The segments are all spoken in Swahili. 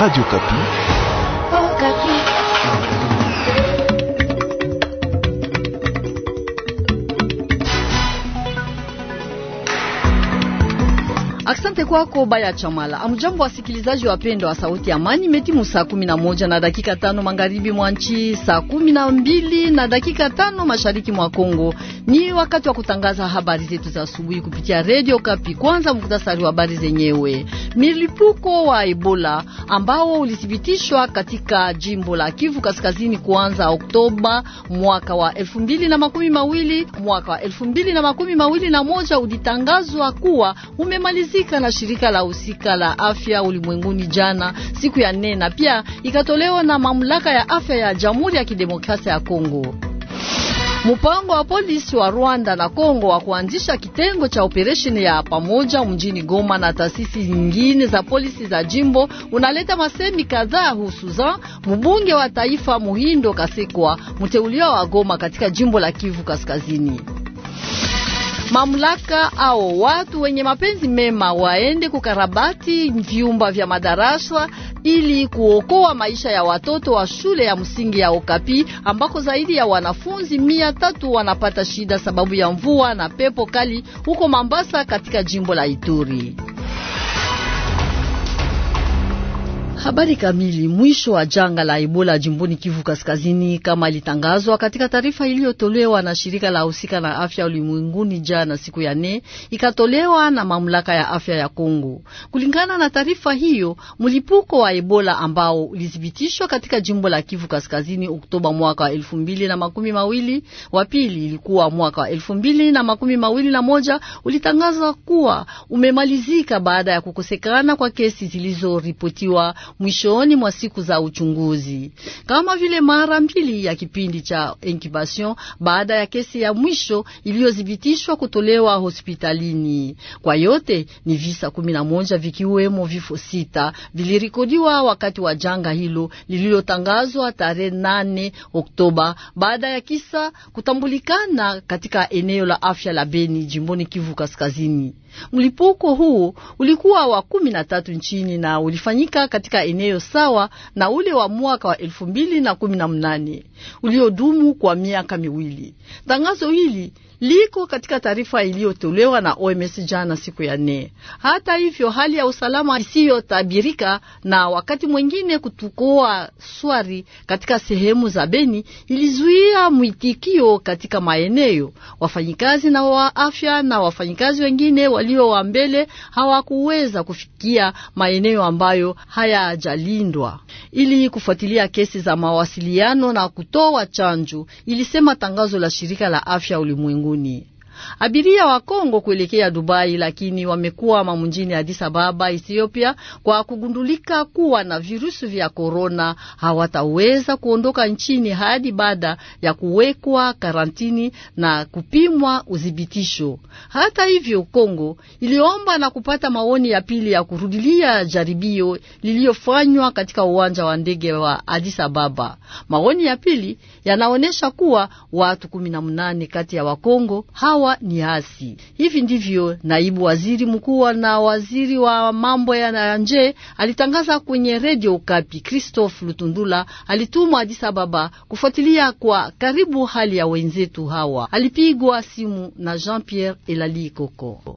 Radio Kapi. Oh, Kapi. Asante kwako Baya Chamala. Amjambo wasikilizaji wapendwa wa Sauti ya Amani, metimu saa kumi na moja na dakika tano magharibi mwa nchi, saa kumi na mbili na dakika tano mashariki mwa Kongo. Ni wakati wa kutangaza habari zetu za asubuhi kupitia Radio Kapi. Kwanza muktasari wa habari zenyewe milipuko wa Ebola ambao ulithibitishwa katika jimbo la Kivu Kaskazini kuanza Oktoba mwaka wa elfu mbili na makumi mawili mwaka wa elfu mbili na makumi mawili na moja ulitangazwa kuwa umemalizika na shirika la husika la afya ulimwenguni jana siku ya nne, na pia ikatolewa na mamlaka ya afya ya Jamhuri ya Kidemokrasia ya Kongo. Mpango wa polisi wa Rwanda na Kongo wa kuanzisha kitengo cha operesheni ya pamoja mjini Goma na taasisi nyingine za polisi za jimbo unaleta masemi kadhaa hususa mbunge wa taifa Muhindo Kasekwa, mteuliwa wa Goma katika jimbo la Kivu Kaskazini mamlaka au watu wenye mapenzi mema waende kukarabati vyumba vya madarasa ili kuokoa maisha ya watoto wa shule ya msingi ya Okapi ambako zaidi ya wanafunzi mia tatu wanapata shida sababu ya mvua na pepo kali huko Mambasa katika jimbo la Ituri. Habari kamili. Mwisho wa janga la Ebola jimboni Kivu Kaskazini kama ilitangazwa katika taarifa iliyotolewa na shirika la husika na afya ulimwenguni jana siku ya nne, ikatolewa na mamlaka ya afya ya Kongo. Kulingana na taarifa hiyo, mlipuko wa Ebola ambao ulithibitishwa katika jimbo la Kivu Kaskazini Oktoba mwaka wa elfu mbili na makumi mawili, wa pili ilikuwa mwaka wa elfu mbili na makumi mawili na moja, ulitangazwa kuwa umemalizika baada ya kukosekana kwa kesi zilizoripotiwa mwishoni mwa siku za uchunguzi, kama vile mara mbili ya kipindi cha incubation baada ya kesi ya mwisho iliyothibitishwa kutolewa hospitalini. Kwa yote ni visa 11 vikiwemo vifo sita vilirikodiwa wakati wa janga hilo lililotangazwa tarehe 8 Oktoba baada ya kisa kutambulikana katika eneo la afya la Beni jimboni Kivu Kaskazini. Mlipuko huu ulikuwa wa kumi na tatu nchini na ulifanyika katika eneo sawa na ule wa mwaka wa elfu mbili na kumi na mnane uliodumu kwa miaka miwili. Tangazo hili liko katika taarifa iliyotolewa na OMS jana siku ya nne. Hata hivyo, hali ya usalama isiyotabirika na wakati mwingine kutukoa swari katika sehemu za Beni ilizuia mwitikio katika maeneo. Wafanyikazi na wa afya na wafanyikazi wengine walio wa mbele hawakuweza kufikia maeneo ambayo hayajalindwa ili kufuatilia kesi za mawasiliano na kutoa chanjo, ilisema tangazo la shirika la afya ulimwengu. uni abiria wa Kongo kuelekea Dubai, lakini wamekwama mjini Addis Ababa, Ethiopia, kwa kugundulika kuwa na virusi vya korona. Hawataweza kuondoka nchini hadi baada ya kuwekwa karantini na kupimwa udhibitisho. Hata hivyo, Kongo iliomba na kupata maoni ya pili ya kurudilia jaribio liliyofanywa katika uwanja wa ndege wa Addis Ababa. Maoni ya pili yanaonyesha kuwa watu mnane kati ya Wakongo hawa kuwa ni hasi. Hivi ndivyo naibu waziri mkuu na waziri wa mambo ya nje alitangaza kwenye redio ukapi Christophe Lutundula alitumwa Addis Ababa kufuatilia kwa karibu hali ya wenzetu hawa. Alipigwa simu na Jean-Pierre Elali Koko.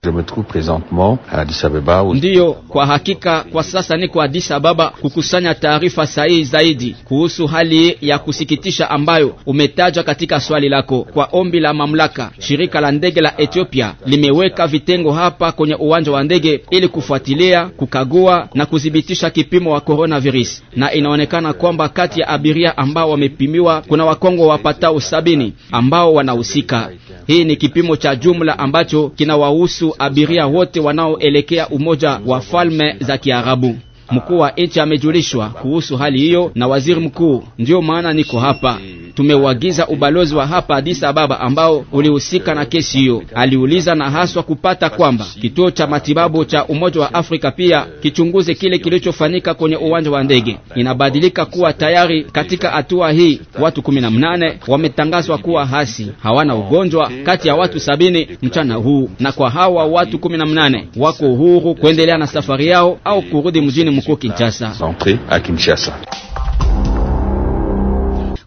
Ndiyo, kwa hakika kwa sasa niko Addis Ababa kukusanya taarifa sahihi zaidi kuhusu hali ya kusikitisha ambayo umetajwa katika swali lako. Kwa ombi la mamlaka, shirika la ndege la Ethiopia limeweka vitengo hapa kwenye uwanja wa ndege ili kufuatilia, kukagua na kudhibitisha kipimo wa coronavirus, na inaonekana kwamba kati ya abiria ambao wamepimiwa kuna Wakongo wapatao sabini ambao wanahusika. Hii ni kipimo cha jumla ambacho kinawahusu abiria wote wanaoelekea Umoja wa Falme za Kiarabu. Mkuu wa nchi amejulishwa kuhusu hali hiyo na waziri mkuu, ndiyo maana niko hapa tumewagiza ubalozi wa hapa Addis Ababa ambao ulihusika na kesi hiyo, aliuliza na haswa kupata kwamba kituo cha matibabu cha Umoja wa Afrika pia kichunguze kile kilichofanyika kwenye uwanja wa ndege. Inabadilika kuwa tayari katika hatua hii watu 18 wametangazwa kuwa hasi, hawana ugonjwa kati ya watu sabini mchana huu, na kwa hawa watu 18 wako huru kuendelea na safari yao au kurudi mjini mkuu Kinshasa.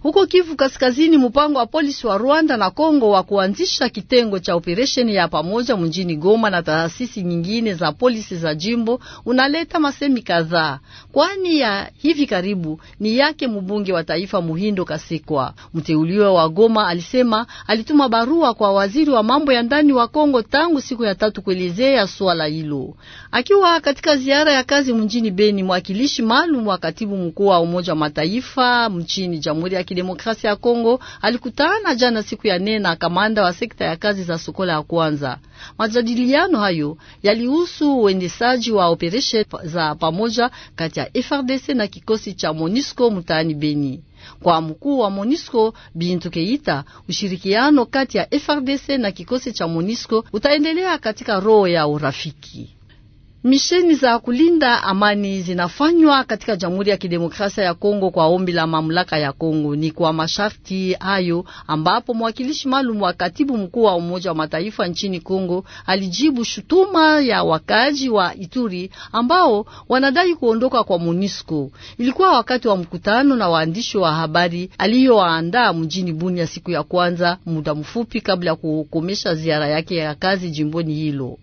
Huko Kivu Kaskazini, mpango wa polisi wa Rwanda na Kongo wa kuanzisha kitengo cha operesheni ya pamoja mjini Goma na taasisi nyingine za polisi za jimbo unaleta masemi kadhaa, kwani ya hivi karibu ni yake mbunge wa taifa Muhindo Kasikwa. Mteuliwa wa Goma alisema alituma barua kwa waziri wa mambo ya ndani wa Kongo tangu siku ya tatu kuelezea swala hilo. Akiwa katika ziara ya kazi mjini Beni, mwakilishi maalum wa katibu mkuu wa Umoja wa Mataifa mchini Jamhuri ya Kidemokrasia ya Kongo alikutana jana siku ya nne na kamanda wa sekta ya kazi za Sokola ya kwanza. Majadiliano hayo yalihusu uendeshaji wa operesheni za pamoja kati ya FRDC na kikosi cha MONUSCO mtaani Beni. Kwa mkuu wa MONUSCO Bintu Keita, ushirikiano kati ya FRDC na kikosi cha MONUSCO utaendelea katika roho ya urafiki. Misheni za kulinda amani zinafanywa katika Jamhuri ya Kidemokrasia ya Kongo kwa ombi la mamlaka ya Kongo. Ni kwa masharti hayo ambapo mwakilishi maalum wa katibu mkuu wa Umoja wa Mataifa nchini Kongo alijibu shutuma ya wakaaji wa Ituri ambao wanadai kuondoka kwa MONUSCO. Ilikuwa wakati wa mkutano na waandishi wa habari aliyoandaa mjini Bunia siku ya kwanza, muda mfupi kabla ya kukomesha ziara yake ya kazi jimboni hilo.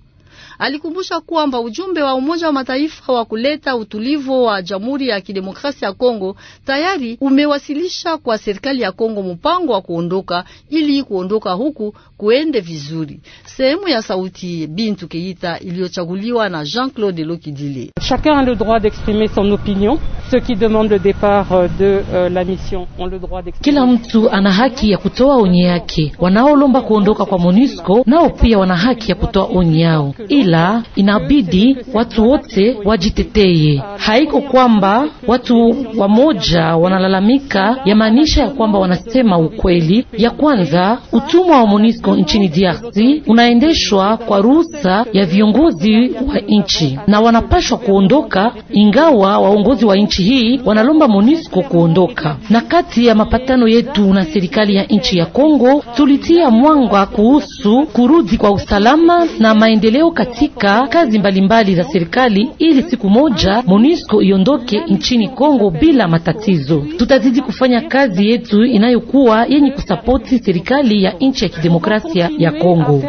Alikumbusha kwamba ujumbe wa Umoja wa Mataifa wa kuleta utulivu wa Jamhuri ya Kidemokrasia ya Kongo tayari umewasilisha kwa serikali ya Kongo mpango wa kuondoka ili kuondoka huku kuende vizuri. Sehemu ya sauti Bintu Keita iliyochaguliwa na Jean-Claude Lokidile. Chacun a le droit d'exprimer son opinion. Ceux qui demandent le départ de euh, la mission ont le droit d'exprimer. Kila mtu ana haki ya kutoa onyo yake. Wanaolomba kuondoka kwa MONUSCO nao pia wana haki ya kutoa onyo yao ila inabidi watu wote wajiteteye. Haiko kwamba watu wamoja wanalalamika, ya manisha ya kwamba wanasema ukweli. Ya kwanza, utumwa wa MONUSCO nchini DRC unaendeshwa kwa ruhusa ya viongozi wa nchi na wanapashwa kuondoka, ingawa waongozi wa nchi hii wanalomba MONUSCO kuondoka. Na kati ya mapatano yetu na serikali ya nchi ya Kongo tulitia mwanga kuhusu kurudi kwa usalama na maendeleo katika kazi mbalimbali za serikali ili siku moja MONUSCO iondoke nchini Kongo bila matatizo. Tutazidi kufanya kazi yetu inayokuwa yenye kusapoti serikali ya nchi ya kidemokrasia ya Kongo.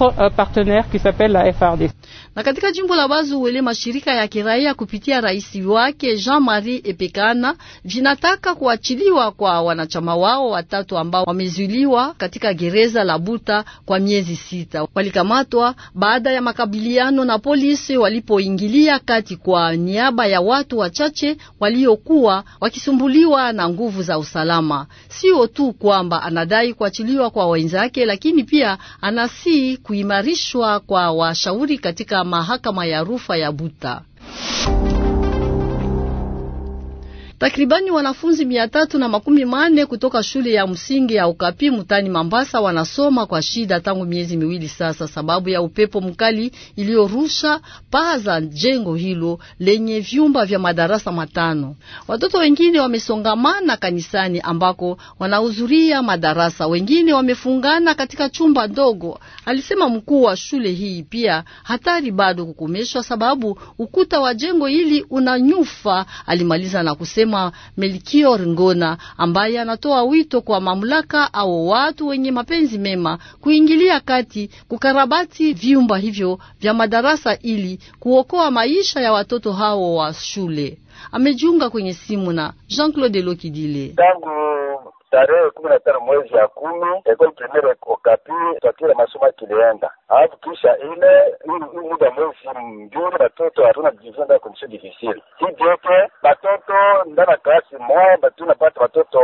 Euh, Na katika jimbo la Bazu Wele, mashirika ya kiraia kupitia rais wake Jean-Marie Epekana vinataka kuachiliwa kwa wanachama wao watatu ambao wamezuiliwa katika gereza la Buta kwa miezi sita. Walikamatwa baada ya makabiliano na polisi walipoingilia kati kwa niaba ya watu wachache waliokuwa wakisumbuliwa na nguvu za usalama. Sio tu kwamba anadai kuachiliwa kwa wenzake, lakini pia anasii kuimarishwa kwa washauri katika mahakama ya rufaa ya Buta. Takribani wanafunzi mia tatu na makumi mane kutoka shule ya msingi ya Ukapi mutani Mambasa wanasoma kwa shida tangu miezi miwili sasa, sababu ya upepo mkali iliyorusha paa za jengo hilo lenye vyumba vya madarasa matano. Watoto wengine wamesongamana kanisani ambako wanahudhuria madarasa, wengine wamefungana katika chumba ndogo, alisema mkuu wa shule hii. Pia hatari bado kukomeshwa, sababu ukuta wa jengo hili unanyufa, alimaliza na kusema mwa Melkior Ngona ambaye anatoa wito kwa mamlaka au watu wenye mapenzi mema kuingilia kati kukarabati vyumba hivyo vya madarasa ili kuokoa maisha ya watoto hao wa shule. Amejiunga kwenye simu na Jean-Claude Lokidile tarehe kumi na tano mwezi ya kumi ekole primere Okapi twakila masomo akilienda, alafu kisha ile hii muda mwezi mbili batoto hatuna kujifunza kondisio difficile hivyete batoto ndana klasi moya batunapata batoto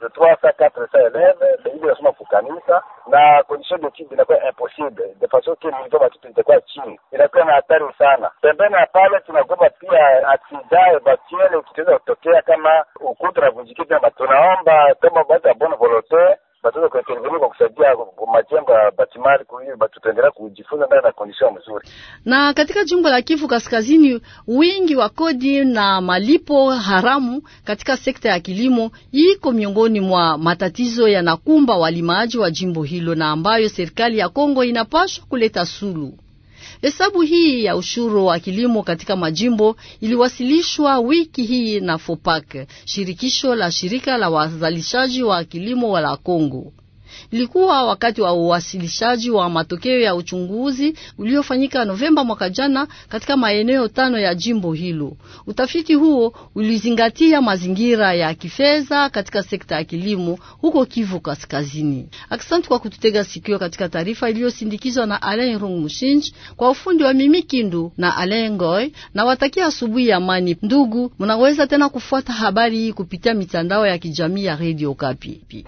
de trois sa quatre sa eleve ili basoma kukanisa na kondisio detude inakuwa impossible de façon ke nivo batoto itakuwa chini, inakuwa na hatari sana. Pembeni ya pale tunagoba pia atidae batiele kitaweza kutokea kama ukuta navunjikii, tunaomba kama bata bona volontaire bataweza kuintervenir kwa kusaidia majengo ya batimari, ili tutaendelea kujifunza ndani na condition mzuri. Na katika jimbo la Kivu Kaskazini, wingi wa kodi na malipo haramu katika sekta ya kilimo iko miongoni mwa matatizo yanakumba walimaji wa jimbo hilo na ambayo serikali ya Kongo inapaswa kuleta suluhu. Hesabu hii ya ushuru wa kilimo katika majimbo iliwasilishwa wiki hii na FOPAK, shirikisho la shirika la wazalishaji wa kilimo la Kongo. Ilikuwa wakati wa uwasilishaji wa matokeo ya uchunguzi uliofanyika Novemba mwaka jana katika maeneo tano ya jimbo hilo. Utafiti huo ulizingatia mazingira ya kifedha katika sekta ya kilimo huko Kivu Kaskazini. Asante kwa kututega sikio katika taarifa iliyosindikizwa na Alain Rung Mushinji kwa ufundi wa Mimi Kindu na Alain Goy, na watakia asubuhi ya amani. Ndugu, mnaweza tena kufuata habari hii kupitia mitandao ya kijamii ya Radio Kapi.